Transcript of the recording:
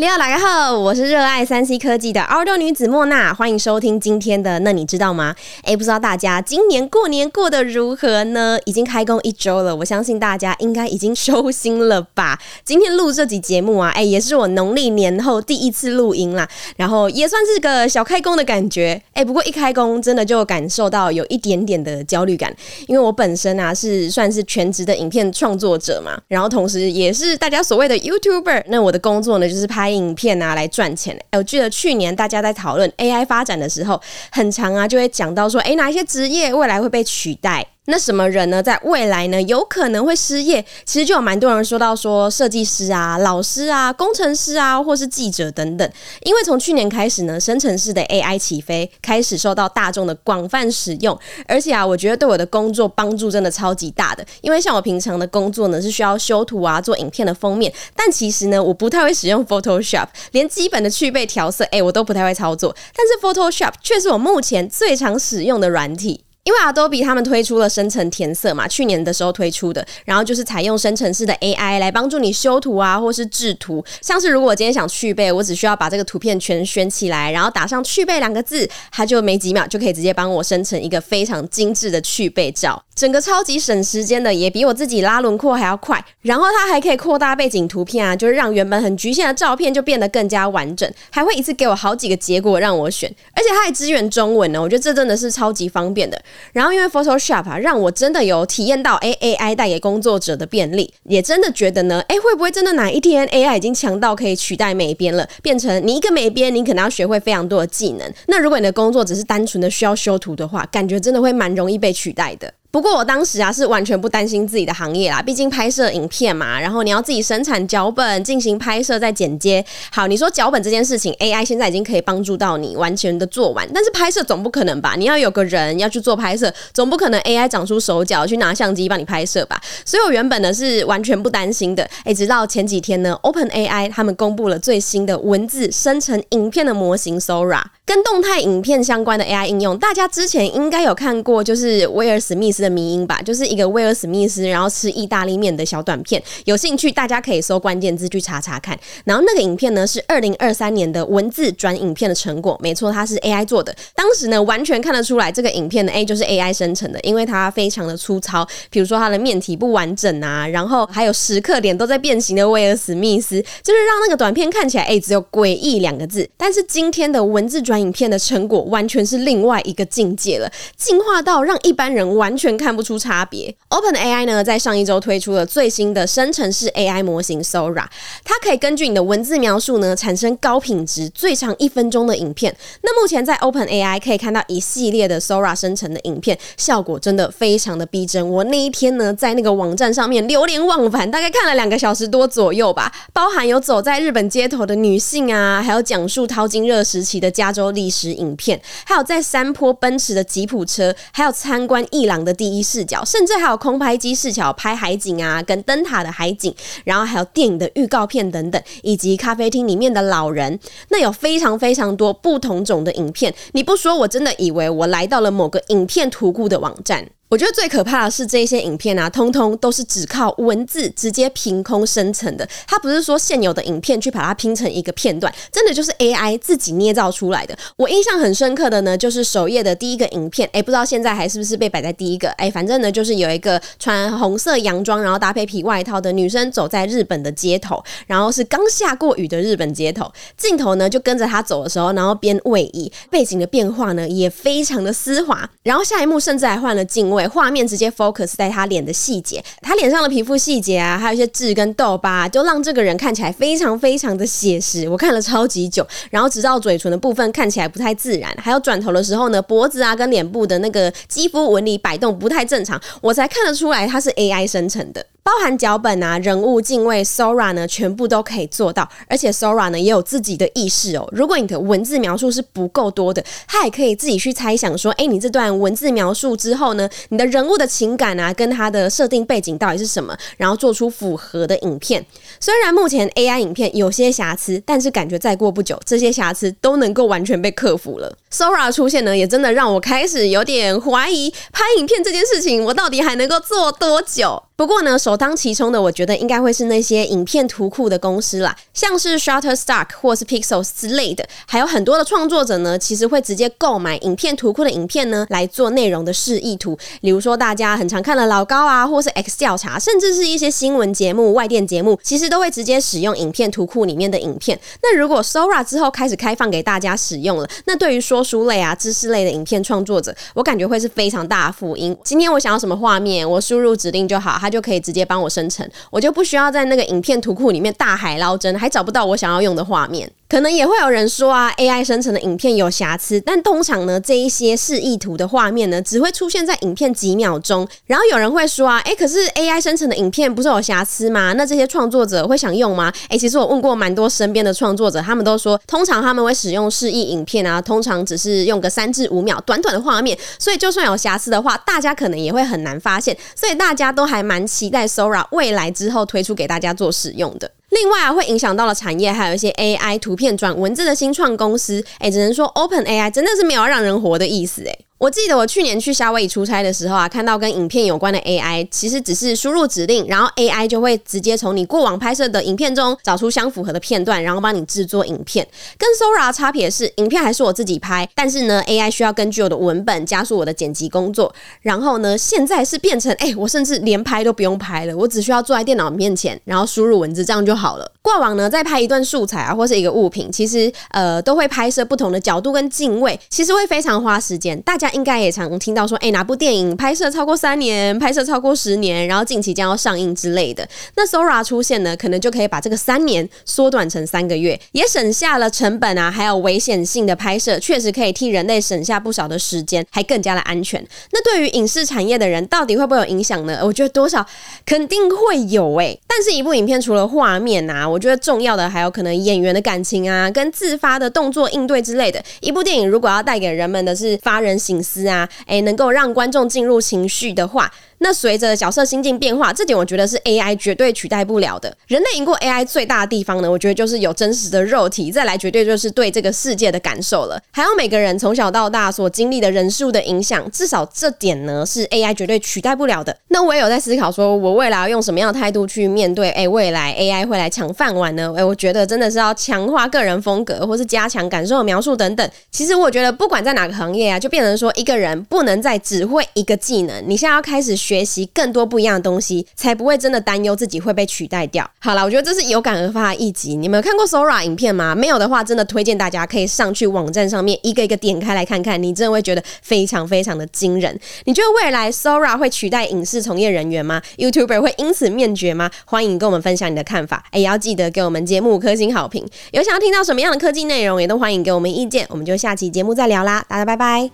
你好，大家好，我是熱愛三 C 科技的澳洲女子莫娜，歡迎收聽今天的。那你知道嗎？哎、欸，不知道大家今年過年過得如何呢？已經開工一周了，我相信大家應該已經收心了吧。今天錄這集節目啊，哎、欸，也是我農曆年後第一次錄音啦，然後也算是個小開工的感覺。哎、欸，不過一開工，真的就感受到有一點點的焦慮感，因為我本身啊是算是全職的影片創作者嘛，然後同時也是大家所謂的 YouTuber。那我的工作呢，就是拍。影片啊，來賺錢。我記得去年大家在討論 AI 發展的時候，很常啊，就會講到說，哎、欸，哪一些職業未來會被取代？那什麼人呢？在未來呢，有可能會失業。其實就有蠻多人說到說，設計師啊、老師啊、工程師啊，或是記者等等。因為從去年開始呢，生成式的 AI 起飛，開始受到大眾的廣泛使用。而且啊，我覺得對我的工作幫助真的超級大的。因為像我平常的工作呢，是需要修圖啊，做影片的封面。但其實呢，我不太會使用 Photoshop，連基本的去背調色，哎、欸，我都不太會操作。但是 Photoshop 卻是我目前最常使用的軟體。因為 Adobe 他們推出了生成填色嘛，去年的時候推出的，然後就是採用生成式的 AI 來幫助你修圖啊，或是製圖。像是如果我今天想去背，我只需要把這個圖片全選起來，然後打上“去背”兩個字，它就沒幾秒就可以直接幫我生成一個非常精緻的去背照。整個超級省時間的，也比我自己拉輪廓還要快。然後它還可以擴大背景圖片啊，就是讓原本很局限的照片就變得更加完整。還會一次給我好幾個結果讓我選，而且它還支援中文呢。我覺得這真的是超級方便的。然後因為 Photoshop 啊，讓我真的有體驗到 AI 帶給工作者的便利，也真的覺得呢，誒會不會真的哪一天 AI 已經強到可以取代美編了？變成你一個美編，你可能要學會非常多的技能。那如果你的工作只是單純的需要修圖的話，感覺真的會蠻容易被取代的。不過我當時啊是完全不擔心自己的行業啦，畢竟拍攝影片嘛，然後你要自己生產腳本，進行拍攝再剪接。好，你說腳本這件事情，AI 現在已經可以幫助到你完全的做完，但是拍攝總不可能吧？你要有個人要去做拍攝，總不可能 AI 長出手腳去拿相機幫你拍攝吧？所以我原本呢是完全不擔心的。誒，直到前幾天呢，OpenAI 他們公布了最新的文字生成影片的模型 Sora，跟動態影片相關的 AI 應用，大家之前應該有看過，就是威爾史密斯。的迷因吧，就是一個威爾史密斯，然後吃意大利麵的小短片。有興趣大家可以搜關鍵字去查查看。然後那個影片呢是二零二三年的文字轉影片的成果，沒錯，它是 AI 做的。當時呢完全看得出來這個影片的 A、欸、就是 AI 生成的，因為它非常的粗糙，比如說它的麵體不完整啊，然後還有時刻臉都在變形的威爾史密斯，就是讓那個短片看起來哎、欸、只有詭異兩個字。但是今天的文字轉影片的成果完全是另外一個境界了，進化到讓一般人完全。看不出差別。OpenAI 呢，在上一周推出了最新的生成式 AI 模型 Sora，它可以根據你的文字描述呢，產生高品質、最長一分鐘的影片。那目前在 OpenAI 可以看到一系列的 Sora 生成的影片，效果真的非常的逼真。我那一天呢，在那個網站上面流連忘返，大概看了兩個小時多左右吧，包含有走在日本街頭的女性啊，還有講述淘金熱時期的加州歷史影片，還有在山坡奔馳的吉普車，還有參觀伊朗的。第一視角，甚至還有空拍機視角拍海景啊，跟燈塔的海景，然後還有電影的預告片等等，以及咖啡廳裡面的老人，那有非常非常多不同種的影片。你不說，我真的以為我來到了某個影片圖庫的網站。我覺得最可怕的是這些影片啊，通通都是只靠文字直接憑空生成的。它不是說現有的影片去把它拼成一個片段，真的就是 AI 自己捏造出來的。我印象很深刻的呢，就是首頁的第一個影片，哎，不知道現在還是不是被擺在第一個，哎，反正呢就是有一個穿紅色洋裝，然後搭配皮外套的女生走在日本的街頭，然後是剛下過雨的日本街頭，鏡頭呢就跟着她走的時候，然後邊位移，背景的變化呢也非常的絲滑，然後下一幕甚至還換了鏡位。畫面直接 focus 在他臉的細節，他臉上的皮膚細節啊，還有一些痣跟痘疤啊，就讓這個人看起來非常非常的寫實。我看了超級久，然後直到嘴唇的部分看起來不太自然，還有轉頭的時候呢，脖子啊跟臉部的那個肌膚紋理擺動不太正常，我才看得出來它是 AI 生成的。包含腳本啊，人物敬畏、Sora 呢，全部都可以做到。而且 Sora 呢，也有自己的意識哦。如果你的文字描述是不夠多的，它也可以自己去猜想說，哎，你這段文字描述之後呢，你的人物的情感啊，跟它的設定背景到底是什麼，然後做出符合的影片。雖然目前 AI 影片有些瑕疵，但是感覺再過不久，這些瑕疵都能夠完全被克服了。Sora 出現呢，也真的讓我開始有點懷疑拍影片這件事情，我到底還能夠做多久？不過呢，首當其衝的，我覺得應該會是那些影片圖庫的公司啦，像是 Shutterstock 或是 Pixels 之類的，還有很多的創作者呢，其實會直接購買影片圖庫的影片呢來做內容的示意圖。比如說大家很常看的老高啊，或是 X 調查，甚至是一些新聞節目、外電節目，其實都會直接使用影片圖庫裡面的影片。那如果 Sora 之後開始開放給大家使用了，那對於說書類啊、知識類的影片創作者，我感覺會是非常大的福音。今天我想要什麼畫面，我輸入指令就好，還。就可以直接幫我生成，我就不需要在那個影片圖庫裡面大海撈針，還找不到我想要用的畫面。可能也會有人說啊，AI 生成的影片有瑕疵，但通常呢，這一些示意圖的畫面呢，只會出現在影片幾秒鐘。然後有人會說啊，誒，可是 AI 生成的影片不是有瑕疵嗎？那這些創作者會想用嗎？誒，其實我問過蠻多身邊的創作者，他們都說，通常他們會使用示意影片啊，通常只是用個三至五秒，短短的畫面，所以就算有瑕疵的話，大家可能也會很難發現。所以大家都還蠻期待 Sora 未來之後推出給大家做使用的。另外，啊，會影響到了產業，還有一些 AI 圖片轉文字的新創公司，哎、欸，只能說 OpenAI 真的是沒有讓人活的意思、欸，哎。我記得我去年去夏威夷出差的時候啊，看到跟影片有關的 AI，其實只是輸入指令，然後 AI 就會直接從你過往拍攝的影片中找出相符合的片段，然後幫你制作影片。跟 Sora 差別是，影片還是我自己拍，但是呢，AI 需要根據我的文本加速我的剪輯工作。然後呢，現在是變成，哎、欸，我甚至連拍都不用拍了，我只需要坐在電腦面前，然後輸入文字，這樣就好了。過往呢，在拍一段素材啊，或是一個物品，其實呃，都會拍攝不同的角度跟鏡位，其實會非常花時間。大家應該也常聽到說，誒、欸，哪部電影拍攝超過三年，拍攝超過十年，然後近期將要上映之類的。那 Sora 出現呢，可能就可以把這個三年縮短成三個月，也省下了成本啊，還有危險性的拍攝，確實可以替人類省下不少的時間，還更加的安全。那對於影視產業的人，到底會不會有影響呢？我覺得多少肯定會有誒、欸。但是一部影片除了畫面啊，我。我覺得重要的還有可能演員的感情啊，跟自發的動作應對之類的。一部電影，如果要帶給人們的是發人省思啊，哎、欸，能夠讓觀眾進入情緒的話，那隨着角色心境變化，這點我覺得是 AI 絕對取代不了的。人類贏過 AI 最大的地方呢，我覺得就是有真實的肉體，再來絕對就是對這個世界的感受了，還有每個人從小到大所經歷的人數的影響。至少這點呢，是 AI 絕對取代不了的。那我也有在思考，說我未來要用什麼樣的態度去面對？哎、欸，未來 AI 會來搶飯碗呢？哎、欸，我覺得真的是要強化個人風格，或是加強感受描述等等。其實我覺得，不管在哪個行業啊，就變成說一個人不能再只會一個技能，你現在要開始學。學習更多不一樣的東西，才不會真的擔憂自己會被取代掉。好啦，我覺得這是有感而發的一集。你們有看過 Sora 影片嗎？沒有的話，真的推薦大家可以上去網站上面一個一個點開來看看。你真的會覺得非常非常的驚人。你覺得未來 Sora 會取代影視從業人員嗎？YouTuber 會因此滅絕嗎？歡迎跟我們分享你的看法。欸、也要記得給我們節目顆星好評。有想要聽到什麼樣的科技內容，也都歡迎給我們意見。我們就下期節目再聊啦，大家拜拜。